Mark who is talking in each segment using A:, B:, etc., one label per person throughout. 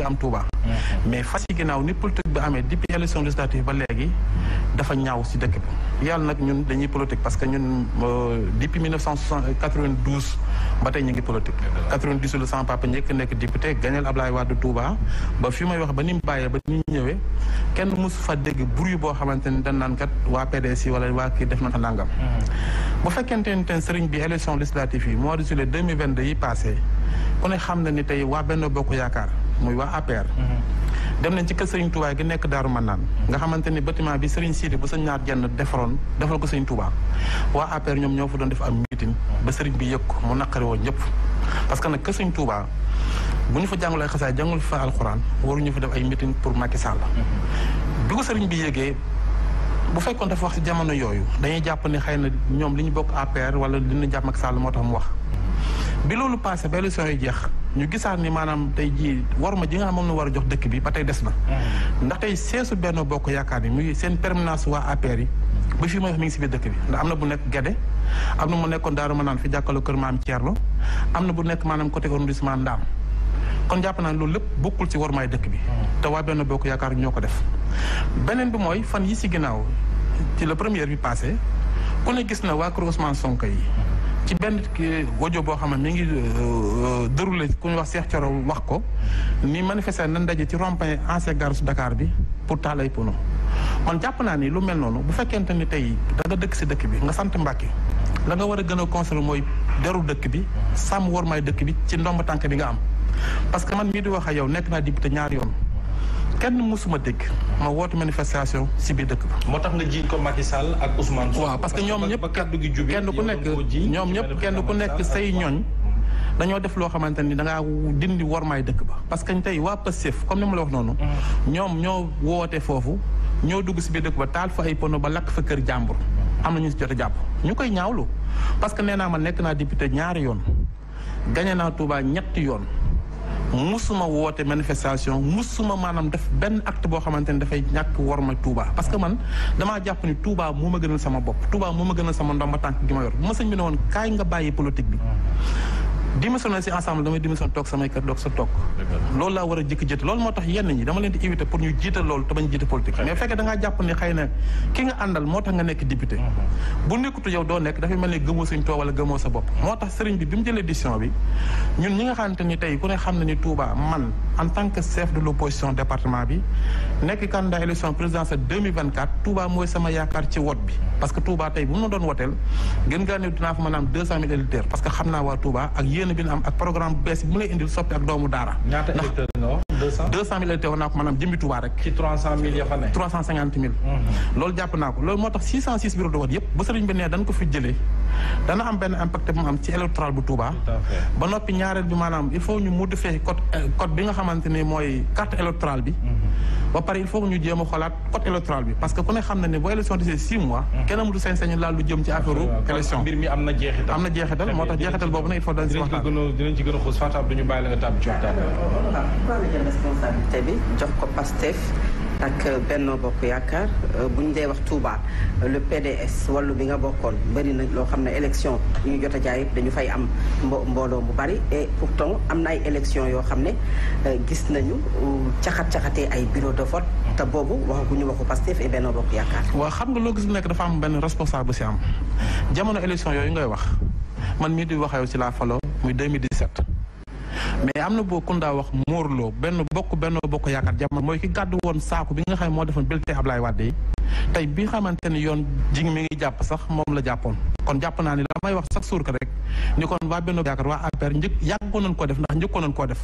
A: nga am Touba. mais fas yi ginnaaw ni politique bi amee depuis élection législative ba léegi dafa euh, mm-hmm. bu fekkente ten sëriñ bi élection législative yi mois de juillet yi passé ku ne xam na ni tey waa benn bokk yaakaar mooy waa APR. Mhm. dem nañ ci kër Serigne Touba gi nekk Daaru man Manaan nga xamante ni bâtiment bi Serigne Sidi bu sa ñaar jenn defaroon defal ko Serigne Touba waa APR ñoom ñoo fa doon def am meeting ba Serigne bi yëg ko mu naqari woon ñëpp parce que nag kër Serigne Touba bu ñu fa jàngalee xasaay jàngul fa alxuraan waruñu fa def ay meeting pour Macky Sall. Mhm. bi ko Serigne bi yëgee bu fekkoon dafa wax si jamono yooyu dañuy jàpp ni xëy na ñoom li ñu bokk APR wala li ñu jàpp Macky Sall moo mu wax. bi loolu passé ba élection yi jeex ñu gisaat ni maanaam tey jii war ma ji nga xam moom la war a jox dëkk bi ba tey des na. Mm. ndax tey seesu benn bokk yaakaar ni muy seen permanence waa APR yi. ba fii mooy wax mi ngi si biir dëkk bi ndax am na bu nekk Guédé am na mu nekkoon Daaru Manaan fi nekk maanaam côté arrondissement Ndaam kon jàpp naa loolu lépp bokkul ci warmaay dëkk bi. Mm. te waa benn bokk yaakaar ñoo ko def. beneen bi mooy fan yi si ginnaaw ci la première bi passé ku ne gis na waa kër Ousmane Sonko yi. ci benn audio boo xam ne mi ngi euh, déroulé ku ñu wax Cheikh Thioro wax ko ni manifester nan daje ci rond-point ancien gare su Dakar bi pour taal ay pono man jàpp naa ni lu mel noonu bu fekkent ni tey da dëkk si dëkk bi nga sant Mbàkke la nga war a gën a conserver mooy deru dëkk bi sàmm war may dëkk bi ci ndomb tànk bi nga am parce que man mii di wax a yow nekk naa te ñaari yoon kenn mësuma dégg ma woote manifestation si biir dëkk ba. moo tax nga jiiñ ko Macky Sall ak Ousmane. waaw parce que ñoom ñëpp kenn ku nekk ñoom ñëpp kenn ku nekk say ñooñ. dañoo def loo xamante ni dangaa dindi wormaay dëkk ba parce que tey waa Pastef comme ni ma la wax noonu. Mm. ñoom ñoo woote foofu ñoo dugg si biir dëkk ba taal fa ay pono ba lakk fa kër jàmbur. am na ñu si jot jàpp ñu koy ñaawlu parce que nee naa ma nekk naa député ñaari yoon. gañe naa Touba ñetti yoon. musuma woote manifestation musuma maanaam def benn act boo xamante ne dafay ñàkk worma Touba parce que man damaa jàpp ni Touba moo ma gënal sama bopp Touba moo ma gën a sama ndomba tànk gi ma yor bu ma sëñ bi ne woon kaay nga bàyyi politique bi démissionné si ensemble dama démissionné tok sama kër doog sa tok lool la wara a jëkk lool motax yenn ñi dama leen di éviter pour ñu jiital lool te bañ jiite politique mais fekk da nga japp ni xeyna ki nga andal motax nga nekk député mm-hmm. bu nekkutu yow do nekk dafay melni gëmo gëmoo to wala gëmo sa bop motax tax bi bimu jëlé décision bi ñun ñi nga xamante tay ku ne xam ni Touba man en tant que chef de l'opposition département bi nekk candidat élection présidentielle 2024 Touba moy sama yaakar ci wot bi parce que Touba tay bu mu doon wotel gën nga ne dina fa mëna am 200000 électeurs parce que xamna wa Touba ak yéen mhm. loolu jàpp naa ko loolu moo tax 606 bureau de vote yëpp ba sëriñ bi ne dañ ko fi jëlee. dana am benn impact bu mu am ci électoral bu Touba. ba noppi ñaareel bi maanaam il faut ñu modifier code euh, code bi nga xamante ni mooy carte électorale bi. Mhm. ba pare il faut ñu jéem a xoolaat code électoral bi parce que ku ne xam na ne bu élection desee six mois. Mhm. kenn mënatu sañ-sañu laal lu jëm ci affaire élection mbir mi am na jeexital am na jeexital moo tax jeexital boobu nag il faut dañ si waxtaan. dinañ ci gën a xuus Fatou Abdou ñu bàyyi la nga tàbb ak euh, Benno Bokk Yaakaar euh, bu ñu dee wax Touba euh, le PDS wàllu bi nga bokkoon bëri na loo xam ne élection yu ñu jot a jaay dañu fay am mbo mbooloo bu bari et pourtant am na ay élection yoo xam ne gis nañu caxat-caxatee ay bureau de vote te boobu waxaguñu waxu Pastef et Benno Bokk Yaakaar. waaw xam nga loo gis nekk dafa am benn responsable bu si am jamono élection yooyu ngay wax man mii di wax yow ci laa faloo muy 2017. mais am na boo kundaa wax móorloo benn bokk bennoo bokk yaakaar jamono mooy ki gàddu woon saaku bi nga xam ne moo defoon bulletin Ablaye Wade yi tey bi xamante ni yoon ji mi ngi jàpp sax moom la jàppoon kon jàpp naa ni la may wax sax suur ka rek ni kon waa benn yaakaar waa APR njëkk yàggoon nañ koo def ndax njëkkoon nañ ko def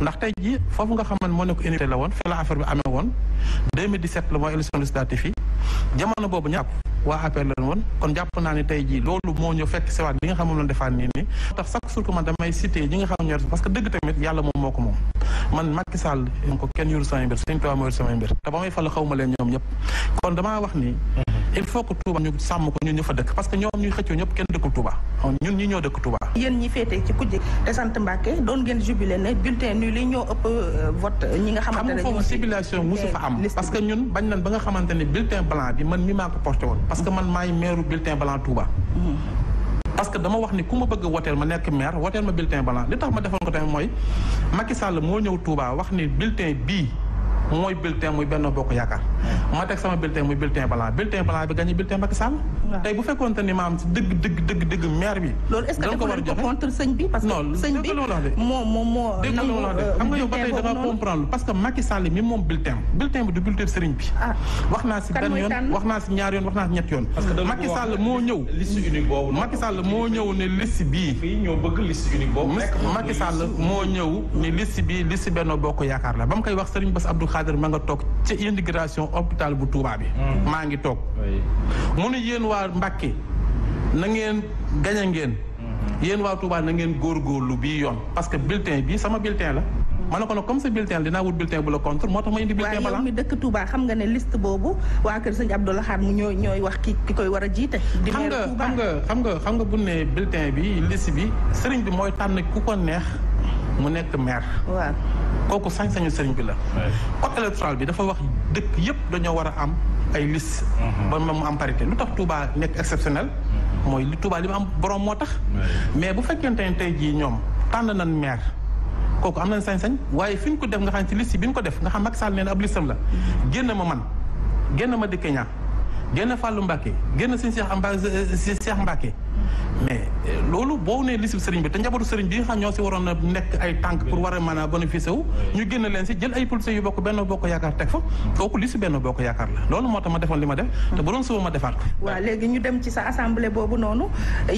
A: ndax tey ji foofu nga xamante moo ne nekk unité la woon fi la affaire bi amee woon 2017 la mooy élection législative yi jamono boobu ñàpp waa APR lañ woon kon jàpp naa ne tey jii loolu moo ñu fekk sewaat li nga defaat nii nii tax chaque jour damay cité ñi nga xam ñoo parce dëgg tamit yàlla moom moo ko moom man Macky Sall ko kenn yoru sama mbir Sëñ Tuubaa moo yor sama mbir te may fal xaw ma leen ñoom ñëpp kon damaa wax ni mhm. il faut que Touba ñu sàmm ko ñun ñu fa dëkk parce que ñoom ñuy xëccoo ñëpp kenn dëkkul Touba ñun ñi ñoo dëkk Touba. yéen ñi féetee ci kujje te sant Mbàkke doon ngeen jubilé ne bulletin nul li ñoo ëpp euh, vote ñi nga xamante ne foofu civilisation am parce que ñun bañ nañ ba nga xamante ne bulletin blanc bi man mi maa ko porté woon parce que man maay meeru bulletin blanc Touba mm-hmm. parce dama wax ni ku ma bëgg woteel ma nekk maire woteel ma bulletin blanc li tax ma defoon ko tamit mooy Macky Sall moo ñëw Touba wax ni bulletin bii mooy bulletin muy benn bokk yaakaar ma teg sama bulletin muy bulletin blanc bulletin blanc bi gagné bulletin Macky Sall tey bu fekkoon te ni maam si dëgg dëgg dëgg dëgg bi loolu est war ko sëñ bi parce que bi moo moo bi du bulletin sëriñ bi ah. wax naa si benn yoon wax naa si ñaar yoon wax naa si ñett yoon Macky Sall moo ñëw liste unique boobu Macky Sall moo ñëw Yaakaar la ba mu koy wax sëriñ Bass Abdou Xaadir ma nga toog ca intégration hôpital bu Touba bi. Mm. maa ngi toog. mu ne yéen waa Mbàkke na ngeen a ngeen. Mm-hmm. yéen waa Touba na ngeen góorgóorlu bii yoon parce que bulletin bii sama bulletin la. Mm-hmm. ma ne ko nag comme sa bulletin dinaa wut bulletin bu la contre moo tax ma indi bulletin a bi liste bi sëriñ bi mooy tànn ku ko neex. mu nekk maire. kooku sañ-sañu sëriñ bi la. code électoral bi dafa wax dëkk yëpp dañoo war a am ay liste. Mhm. ba mu am parité lu tax Touba nekk exceptionnel. Mhm. mooy li Touba li mu am borom moo tax. mais bu fekkente ne tey jii ñoom tànn nañ maire. kooku am nañ sañ-sañ waaye fi ñu ko def nga xam ci liste bi ñu ko def nga xam Macky Sall nee na ab listam la. Mhm. génn ma man génn ma dëkk ñaa génn Fallou Mbacké génn si Cheikh Mbacké si Cheikh mais euh, loolu boo nee liste sëriñ bi te njabootu sëriñ bi nga xam ñoo si waroon a nekk ay tànk pour war a mën a bénéficier wu ñu génn leen si jël ay policiers yu bokk benn bokk yaakaar teg fa kooku bokk yaakaar la loolu moo tax li ma def te bu doon suba ma ñu dem ci sa assemblée boobu noonu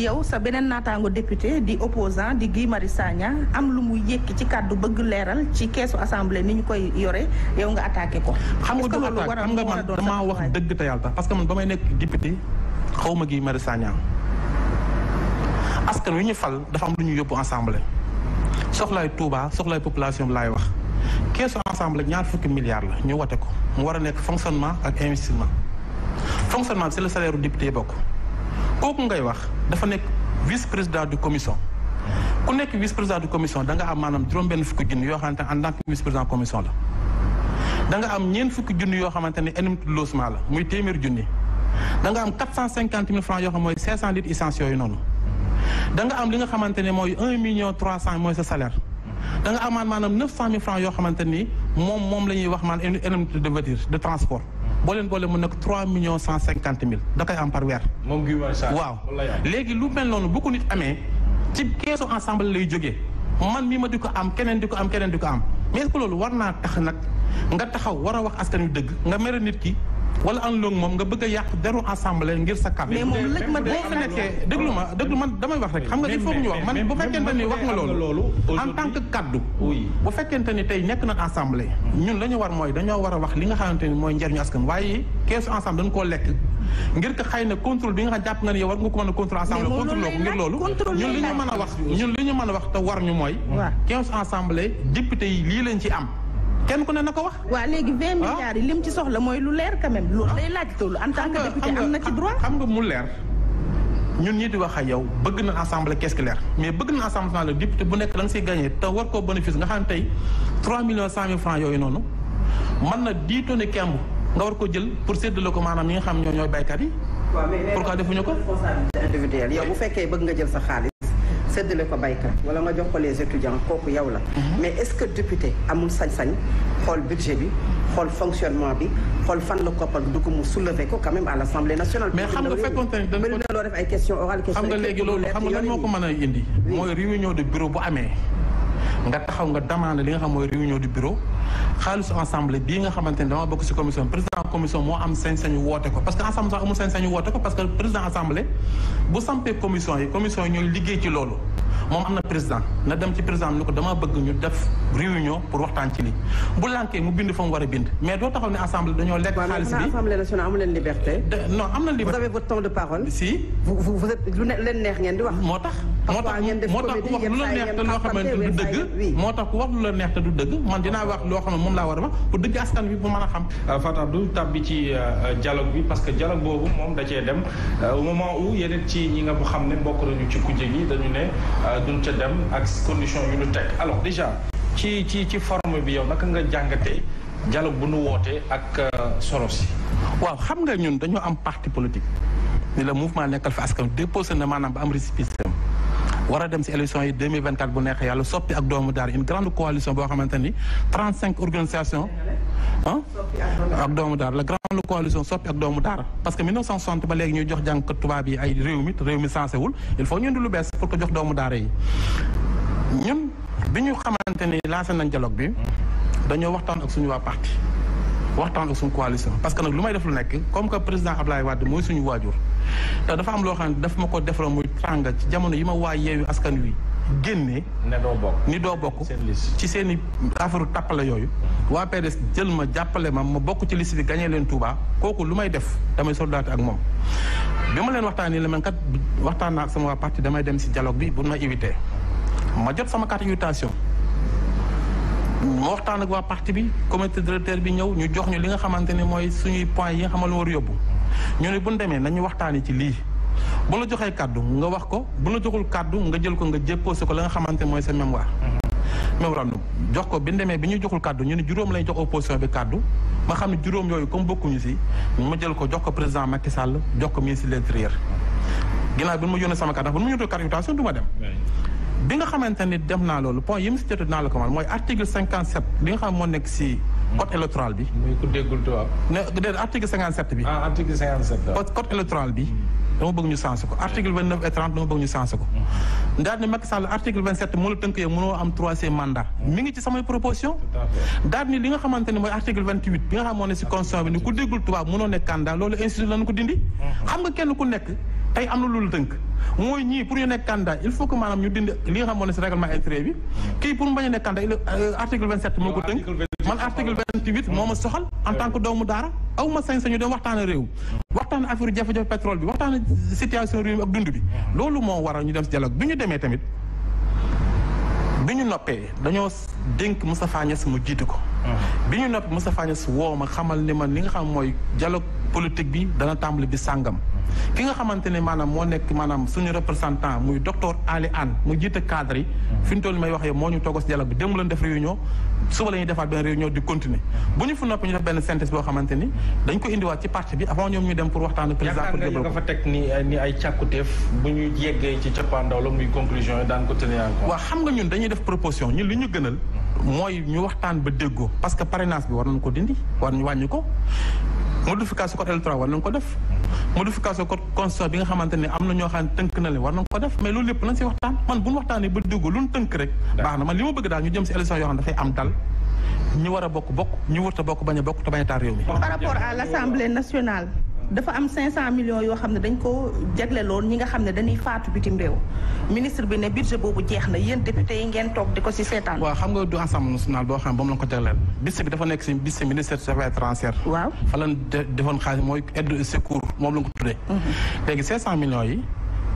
A: yow sa beneen naataango député di opposant di Guy Marius Sagna am lu mu yëkki ci kàddu bëgg leeral ci keesu assemblée ni ñu koy yore yow nga attaqué ko xam nga du attaque xam nga man damaa wax dëgg te yàlla tax parce que man ba may nekk député xaw ma Guy Marius askan wi ñu fal dafa am lu ñu yóbbu ensemble soxlaay Touba soxlaay population bi laay wax keesu ensemble ñaar fukki milliards la ñu wate ko mu war a nekk fonctionnement ak investissement fonctionnement c'est le salaire du député bokk kooku ngay wax dafa nekk vice président du commission ku nekk vice président du commission da nga am maanaam juróom-benn fukki junni yoo xamante ne en tant que vice président commission la da nga am ñeent fukki junni yoo xamante ne indemnité de la muy téeméer junni da nga am quatre cent francs yoo xam mooy 500 litres essence yooyu noonu da nga am li nga xamante ne mooy un million trois cent mooy sa salaire da nga amaat maanaam neuf cent mille francs yoo xamante ni moom moom la ñuy wax maan indemnité de voiture de transport boo leen boole mu nekk trois millions cent cinquante mille da koy am par weer waaw léegi lu mel noonu bu ko nit amee ci keesu ensemble lay jógee man mii ma di ko am keneen di ko am keneen di ko am mais est loolu war naa tax nag nga taxaw war a wax askan wi dëgg nga mere nit ki wala ànduloo ak moom nga bëgg a yàq deru assemblée ngir sa café. mais moom lëj ma boo man damay wax rek. xam nga il faut ñu wax man bu fekkente ni wax nga loolu. en tant que kaddu. bu fekkente tey nekk na assemblée. ñun la ñu war mooy dañoo war a wax li nga xamante ni mooy njëriñu askan waaye keesu ensemble dañu koo lekk. ngir ko xëy na contrôle bi nga xam jàpp nga ni war nga ko mën a contrôle assemblée contrôle ko ngir loolu ñun li ñu mën a wax ñun li ñu mën a wax te war ñu mooy 15 assemblée député yi lii lañ ci am kenn ko ne na ko wax. waa léegi vingt ah. milliards yi lim ci soxla mooy lu leer quand même. loolu day laaj toolu en tant que député am na ci droit. xam nga mu leer ñun ñii di wax a yow bëgg na assemblée qu'est-ce mais bëgg na assemblée naa la député bu nekk da nga siy gagné te war koo bénéfice nga xam tey trois millions cent mille francs yooyu noonu mën na dix kemb nga war ko jël pour séddale ko maanaam ñi nga xam ñoo ñooy baykat yi. pourquoi defuñu ko. yow bu fekkee bëgg nga jël sa xaalis de ko baïka Voilà, ma pour les étudiants mhm. mais est-ce que député Amoun sañ-sañ budget fonctionnement bi le fan la soulever quand même à l'Assemblée nationale. mais je ne fais pas def ay questions orales. questions xam nga comment réunion de bureau bureau. xaalisu ensemble bii nga xamante ne dama bokk ci commission président commission moo am sañ-sañu woote ko parce que ensemble sax amul sañ-sañu woote ko parce que président assemblée bu sampee commission yi commission yi ñooy liggéey ci loolu moom am na président na dem ci président ni ko dama bëgg ñu def réunion pour waxtaan ci lii bu lànkee mu bind fa mu war a bind mais doo taxaw ne assemblée dañoo lekk xaalis bi assemblée nationale neex ngeen di wax moo tax moo tax moo tax ku wax lu la neex neex te du man dinaa wax loo xam ne moom laa war a wax pour dëgg askan bi bu mën a xam euh, Fatou Abdou tab bi ci euh, euh, dialogue bi parce que dialogue boobu moom da cee dem au moment yeneen ci ñi nga xam ne bokk nañu ci kujje gi dañu ne duñ ca dem ak condition yu ñu teg alors déjà ci ci ci forme bi yow naka nga jàngate dialogue bu nu wootee ak euh, solo si waaw xam nga ñun dañoo am parti politique ni la mouvement nekkal fi askan déposé na maanaam ba am récépissé war a dem si élection yi 2024 bu neexee yàlla soppi ak doomu daara une grande coalition boo xamante ni 35 organisations ak doomu daara la grande coalition soppi ak doomu daara parce que 1960 ba léegi ñuy jox jàngkat tubaab yi ay réew mi réew mi sansewul il faut ñu indi lu bees pour ko jox doomu daara yi ñun bi ñu xamante ni nañ dialogue bi dañoo waxtaan ak suñu waa parti waxtaan ak suñu coalition parce que nag lu may def lu nekk comme que président Ablaye Wade mooy te dafa am loo xam ne daf ma ko defara muy tànga ci jamono yi ma waa yeewu askan wi génne ne doo bokk ni doo bokk ci seen aafaru affaire tàppale yooyu waa PDS jël ma jàppale ma ma bokk ci liste bi gañee leen Touba kooku lu may def damay soldaate ak moom bi ma leen waxtaan nii la man waxtaan naa ak sama parti damay dem si dialogue bi bu ma invité ma jot sama carte invitation ma waxtaan ak waa parti bi comité directeur bi ñëw ñu jox ñu li nga xamante ne mooy suñuy point yi nga xamal war yóbbu ñu ne bu ñu demee nañu waxtaanee ci lii bu la joxee kàddu nga wax ko bu la joxul kàddu nga jël ko nga déposé ko la nga xamante mooy sa mémoire. mémorandum ko bi demee bi ñu joxul kàddu ñu ne juróom lañ jox opposition bi kàddu ma xam ne juróom yooyu comme bokkuñu si ma jël ko jox ko président Macky Sall jox ko ministre de l'intérieur ginnaaw bi ma yónnee sama kàddu ndax bu ma yónnee kàddu du ma dem. bi nga est point yi mu si la article 57, nga xam code électoral bi. ku déggul ne article 57. ah article 57. code électoral bi. dama bëgg ñu ko article 29 et 30, dama bëgg ñu ko. Mm-hmm. daal ni Macky Sall article 27, tënk yow mënoo mandat. mi ngi ci proposition daal ni nga xamante article 28 bi nga xam moo ne si bi ni ku déggul tey am na lu la tënk mooy ñii pour ñu nekk candidat il faut que maanaam ñu dindi li nga xam moo ne si règlement intérieur bi kii pour mu bañ a nekk candidat euh, article 27 moo ko tënk man article 28 moo ma soxal en tant que doomu daara aw ma sañ sañu dem waxtaana réew waxtaan affaire jafe-jafe pétrole bi waxtaana situation réew mi ak dund bi loolu moo waral ñu dem si dialogue bi ñu demee tamit bi ñu noppee dañoo dénk Moustapha Niass mu jiitu ko uh-huh. bi ñu noppee Moustapha Niass woo ma xamal ni man li nga xam mooy dialogue politique bi dana tàmbali bi sàngam ki nga xamante ne maanaam moo nekk maanaam suñu représentant muy docteur Ali Anne mu jiite cadre yi mm-hmm. fi ñu toll may waxee yow moo ñu toogos dialogue bi démb lañ def réunion suba la ñuy defaat benn réunion di continuer mm-hmm. bu ñu fa noppi ñu def benn synthèse boo xamante ni dañ ko indiwaat ci parti bi avant ñoom ñu dem pour waxtaan président pour développé teg ni ni ay càkkutéef bu ñu yeggee ci cappaandaw la muy conclusion yi daan ko xam nga ñun dañuy def proposition ñun li ñu gënal mm-hmm. mooy ñu waxtaan ba déggoo parce que parrainage bi war nañ ko dindi war ñu wàññi ko modification code électoral war nañ ko def modification code constitution bi nga xamante ne am na ñoo xam ne tënk na leen war nañ ko def mais loolu lépp nañ si waxtaan man bu ñu waxtaanee ba dégg lu ñu tënk rek baax na man li ma bëgg daal ñu jëm si élection yoo xam ne dafay am dal ñu war a bokk bokk ñu wërta bokk bañ a bokk te bañ a taar réew mi par rapport à l'Assemblée nationale dafa am 500 millions yoo xam ne dañ ko jagleloon ñi nga xam ne dañuy faatu bitim réew ministre bi ne budget boobu jeex na yéen député yi ngeen toog di ko si seetaan. waaw xam nga du ensemble national boo xam ne moom la ko jagleel. bis bi dafa nekk si bis ministère des affaires étrangères. waaw fa la defoon xaalis mooy aide secours moom la ko tuddee. Mm-hmm. léegi 500 yi.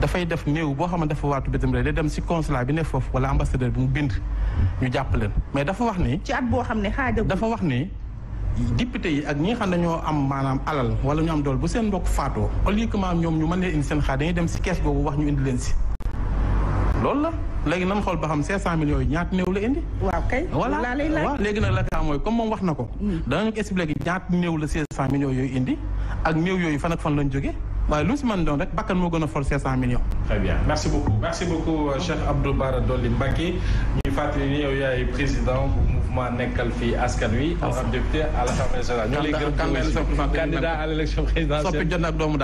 A: dafay def boo xam ne dafa waatu bitim réew day dem si consulat bi ne foofu wala ambassadeur bi mu bind ñu jàpp leen mais dafa wax ni. ci at boo xam ne dafa wax ni. député yi ak ñi nga xam ne ñoo am maanaam alal wala ñu am dool bu seen mbokk faatoo au lieu que ñoom ñu mën leen indi seen xaar dañuy dem si kees googu wax ñu indi leen si loolu la léegi xam 500 millions yi ñaata néew la indi. waaw kay voilà waaw léegi nag la kaa mooy comme moom wax na ko. Hmm. danañu ko expliqué ñaata néew la 500 yooyu indi ak néew yooyu fan ak fan lañ jóge waaye lu si mën doon rek bakkan moo gën a for 500 millions. très bien merci euh, mouvement nekkal fii en tant que député à l'Assemblée nationale ñu ngi lay gërëm candidat à l'élection présidentielle